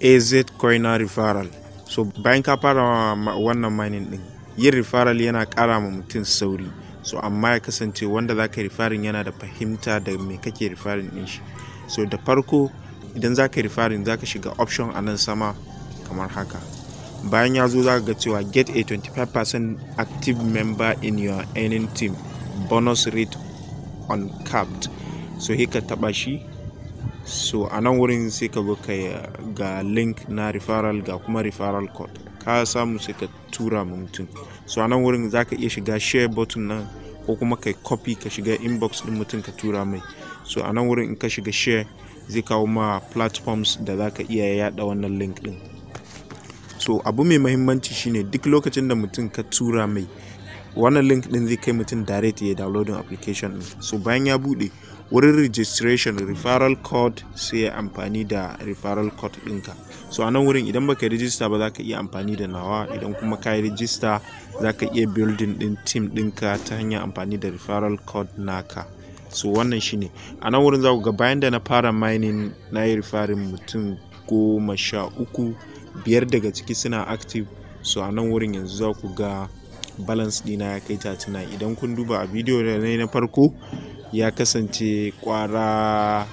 AZ coronary referral so bayan ka fara wannan mining din yin referral yana kara ma mutum sauri so amma ya kasance wanda za ka rifarin yana da fahimta da me kake rifarin din shi so da farko idan za ka rifarin za ka shiga option a nan sama kamar haka bayan ya zo za ka ga cewa get a 25% active member in your earning team bonus rate uncapped so he ka taba shi so a nan wurin sai ka ka ga link na referral ga kuma referral code ka samu sai ka tura ma mutum so a nan wurin za ka iya shiga share button nan ko kuma kai copy ka shiga inbox din mutum ka tura mai so a nan wurin in ka shiga share zai kawo ma platforms da za ka iya yada wannan link din so abu mai mahimmanci shine duk lokacin da mutum ka tura mai wannan link din zai kai mutum direct ya downloading application din so bayan ya bude wurin registration referral code sai ya amfani da referral code dinka. so a nan wurin idan baka yi ba za ka iya amfani da nawa idan kuma ka yi register za ka iya building din team ɗinka ta hanyar amfani da referral code naka so wannan shine a nan wurin za ku ga bayan da na fara mining na yi rifarin mutum goma sha uku biyar daga ciki suna active so a nan wurin yanzu za ku ga balance dina ya kai 39 idan kun duba a bidiyo da na na farko ya kasance kwara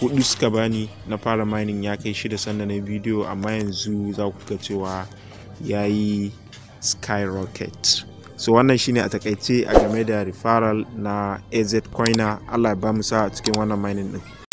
hudu suka bani na fara mining ya kai shida sanda na bidiyo amma yanzu za ku ga cewa ya yi skyrocket so wannan shine a takaice a game da referral na az coiner allah ya ba mu sa a cikin wannan mining din